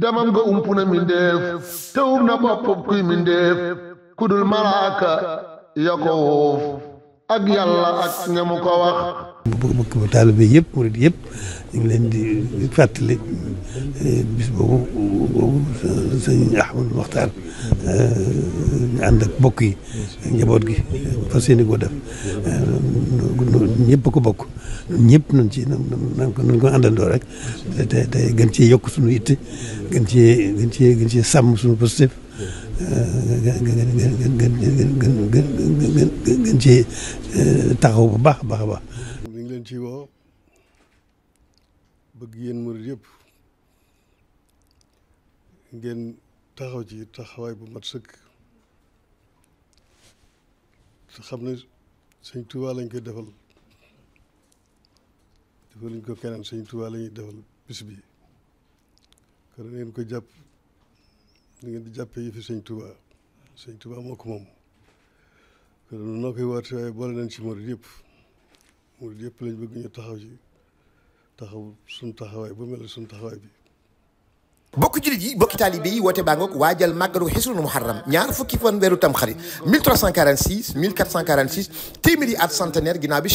demam nga umpuna mindeef te um na boppub kuy mindeef kudul malaaka ya ak yàlla ak ña mu ko wax. mbokk mu yëpp murid yëpp ñu leen di fàttali eh, bis boobu boobu sëñ Ahmadou Mokhtar eh, ñu ànd ak bokk njaboot gi fas yéene koo def eh, ñëpp ko bokk ñëpp nañ ci nañ ko ko àndandoo rek te gën ci yokk suñu itti gën cee gën cee gën sàmm suñu gën gën gën cee eh, taxaw bu baax a baax a baax. ñu ngi leen ci woo bëgg yéen murid yëpp ngeen taxaw ci taxawaay bu mat sëkk te xam ne sëñ Tuubaa lañ koy defal defaluñ ko keneen sëñ Tuubaa la ñuy defal bis bi kon ngeen ko jàpp ngeen di jàppee yëfi sëñ Tuubaa sëñ Tuubaa moo ko moom. loolu noo koy woote waaye boole nañ ci murid yëpp murid yëpp lañ bëgg ñu taxaw ci taxaw suñ taxawaay ba mel suñ taxawaay bi bokk jullit yi bokki taalibe yi woote baa ngoog waajal màggalu xisrul muharram weeru tamxarit 1346 1446 téeméeri at centenaire ginnaaw bi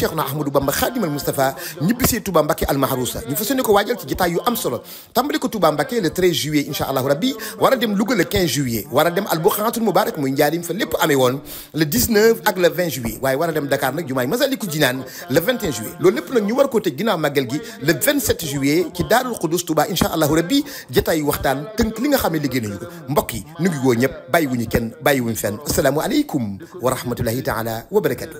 Bamba Xaadimal Moustapha ñibbisee Touba Mbacké almaharousa ñu fas yéene ko waajal ci jitaay yu am solo tàmbali ko rabbi war a dem Louga le 15 juillet war a dem mubarak muy njaarim fa lépp amee woon waaye war a dem Dakar nag jumaay Masaliku Jinaan le 21 juillet loolu lépp nag ñu war koo tëj ginnaaw màggal gi le 27 juillet ci Qudus Touba incha waxtaan tënk li nga xam ne liggéey nañu ko mbokk yi nu ngi woo ñëpp bàyyiwuñu kenn bàyyiwuñ fenn asalaamu aleykum wa rahmatullahi taala wa barakatu